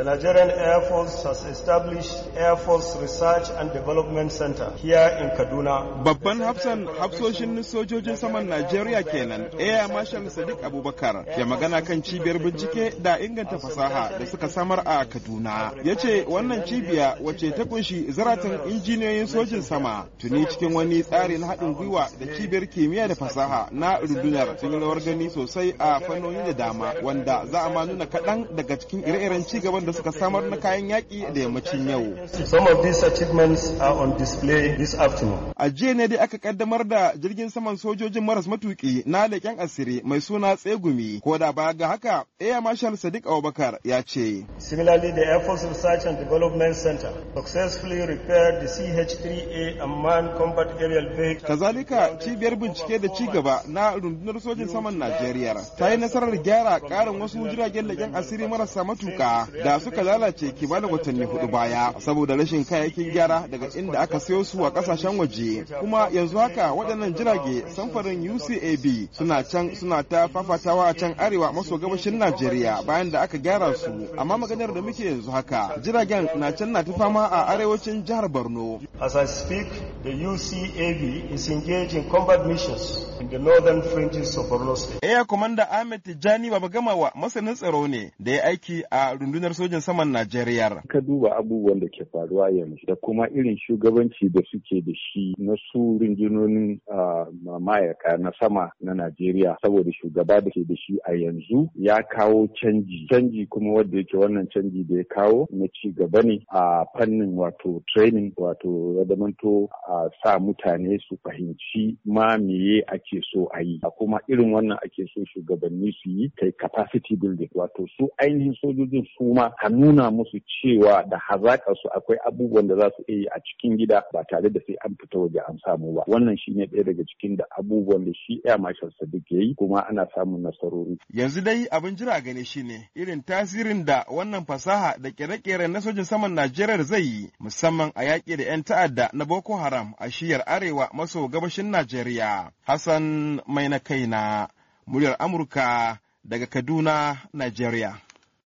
The Nigerian Air Force has established Air Force Research and Development Center here in Kaduna. Babban hafsan hafsoshin sojojin saman Najeriya kenan Air Marshal Sadiq Abubakar ya magana kan cibiyar bincike da inganta fasaha da suka samar a Kaduna. Ya ce wannan cibiya wacce ta kunshi zaratan injiniyoyin sojin sama tuni cikin wani tsari na haɗin gwiwa da cibiyar kimiyya da fasaha na rundunar sun yi rawar gani sosai a fannoni da dama wanda za a ma nuna kaɗan daga cikin ire-iren cigaban da suka samar na kayan yaƙi da yammacin yau. Some of these achievements are on display this afternoon. A jiya ne dai aka kaddamar da jirgin saman sojojin maras matuƙi na leƙen asiri mai suna tsegumi ko da baya ga haka Air Marshal Sadiq Abubakar ya ce. Similarly, the Air Force Research and Development Center successfully repaired the CH-3A Amman Combat Aerial Vehicle. Kazalika cibiyar bincike da ci gaba na rundunar sojin saman Najeriya ta yi nasarar gyara ƙarin wasu jiragen leƙen asiri marasa matuƙa da da suka lalace kimanin watanni hudu baya saboda rashin kayayyakin gyara daga inda aka sayo su a kasashen waje kuma yanzu haka waɗannan jirage samfarin UCAB suna can suna ta fafatawa a can arewa maso gabashin Najeriya bayan da aka gyara su amma maganar da muke yanzu haka jiragen na can na ta fama a arewacin jihar Borno as I speak the UCAB is engaged in combat missions in the northern fringes of Borno state Air Commander Ahmed Tijani Babagamawa masanin tsaro ne da ya aiki a rundunar sojin saman Najeriya. Ka duba abubuwan da ke faruwa yanzu da kuma irin shugabanci da suke da shi na su rundunonin mayaka na sama na Najeriya saboda shugaba da ke da shi a yanzu ya kawo canji. Canji kuma wanda yake wannan canji da ya kawo na ci gaba ne a fannin wato training wato radamanto a sa mutane su fahimci ma meye ake so a yi. Kuma irin wannan ake so shugabanni su yi kai capacity building wato su ainihin sojojin su ma ka nuna musu cewa da hazaƙar su akwai abubuwan da za su iya yi a cikin gida ba tare da sai an fita waje an samu ba wannan shine ɗaya daga cikin da abubuwan da shi Air Marshal Sadiq ya yi kuma ana samun nasarori yanzu dai abin jira gani shine irin tasirin da wannan fasaha da kere-kere na sojin saman Najeriya zai yi musamman a yaƙi da 'yan ta'adda na Boko Haram a shiyar arewa maso gabashin Najeriya Hassan mai na kaina muryar Amurka daga Kaduna, Najeriya.